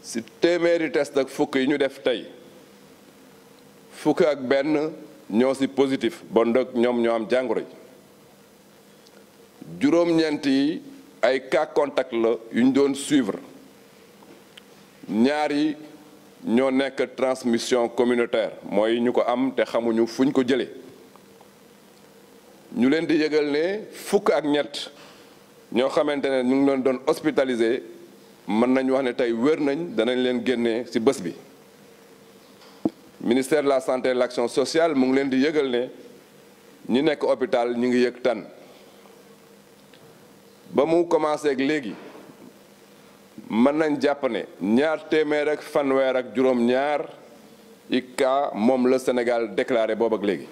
si téeméeri test ak fukk yi ñu def tey fukk ak benn ñoo si positif bon donc ñoom ñoo am jàngoro ji juróom-ñeent yi ay cas contact la yu ñu doon suivre ñaar yi ñoo nekk transmission communautaire mooy ñu ko am te xamuñu fuñ ko jële ñu leen di yëgal ne fukk ak ñett ñoo xamante ne ñu ngi leen doon hospitalisé mën nañu wax ne tey wér nañ danañ leen génnee ci bés bi ministère la santé et de sociale mu ngi leen di yëgal ne ñi nekk hôpital ñi ngi yëg tan ba mu commencé ak léegi mën nañ jàpp ne ñaar téeméer ak fanweer ak juróom-ñaar i cas moom la Sénégal déclaré boobu ak léegi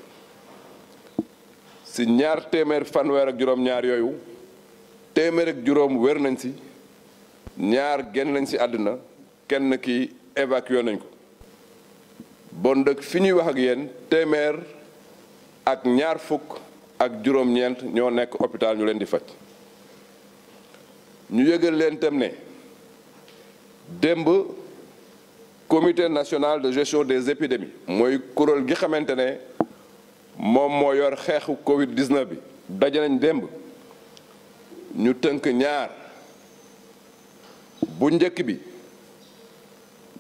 ci ñaar téeméer fanweer ak juróom-ñaar yooyu téeméer ak juróom wér nañ ci ñaar génn nañ ci àdduna kenn ki évacué nañ ko bon dëkk fi ñuy wax ak yéen téeméer ak ñaar fukk ak juróom-ñeent ñoo nekk hôpital ñu leen di faj ñu yëgal leen tam ne démb comité national de gestion des épidémies mooy kuréel gi xamante ne moom moo yor xeexu Covid 19 bi daje nañ démb ñu tënk ñaar. bu njëkk bi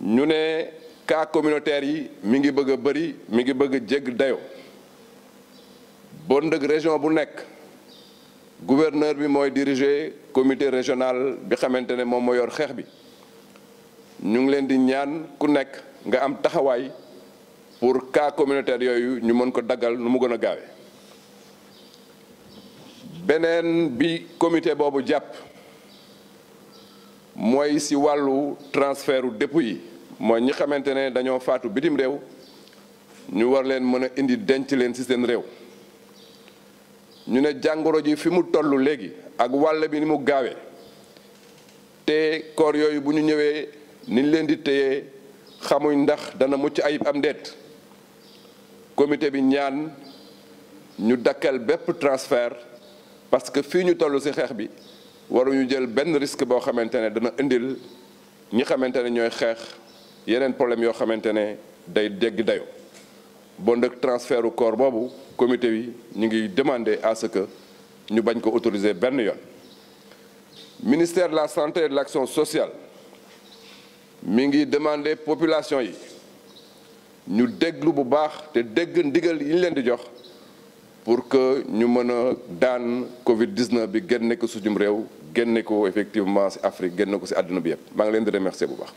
ñu ne cas communautaire yi mi ngi bëgg bëri mi ngi bëgg a jégg dayo bon ndëg région bu nekk gouverneur bi mooy diriger comité régional bi xamante ne moom moo yor xeex bi ñu ngi leen di ñaan ku nekk nga am taxawaay pour cas communautaire yooyu ñu mën ko daggal nu mu gën a gaawe beneen bi commité boobu jàpp mooy si wàllu transfertu dépôt yi mooy ñi xamante ne dañoo faatu bitim réew ñu war leen mën a indi denc leen si seen réew ñu ne jàngoro ji fi mu toll léegi ak wàll bi ni mu gaawee te koor yooyu bu ñu ñëwee niñ leen di téye xamuñ ndax dana mucc ayib am ndeet comité bi ñaan ñu dakkal bépp transfert parce que fii ñu toll si xeex bi waruñu jël benn risque boo xamante ne dana indil ñi xamante ne ñooy xeex yeneen problème yoo xamante ne day dégg dayo bon nag transfer u corps boobu comité yi ñu ngi demander à que ñu bañ ko autoriser benn yoon ministère de la santé et de l'action sociale mi ngi demander population yi ñu déglu bu baax te dégg ndigal yi leen di jox pour que ñu mën a daan Covid 19 bi génne ko suñu réew génne ko effectivement ci Afrique génne ko ci àdduna bi yëpp maa ngi leen di remercier bu baax.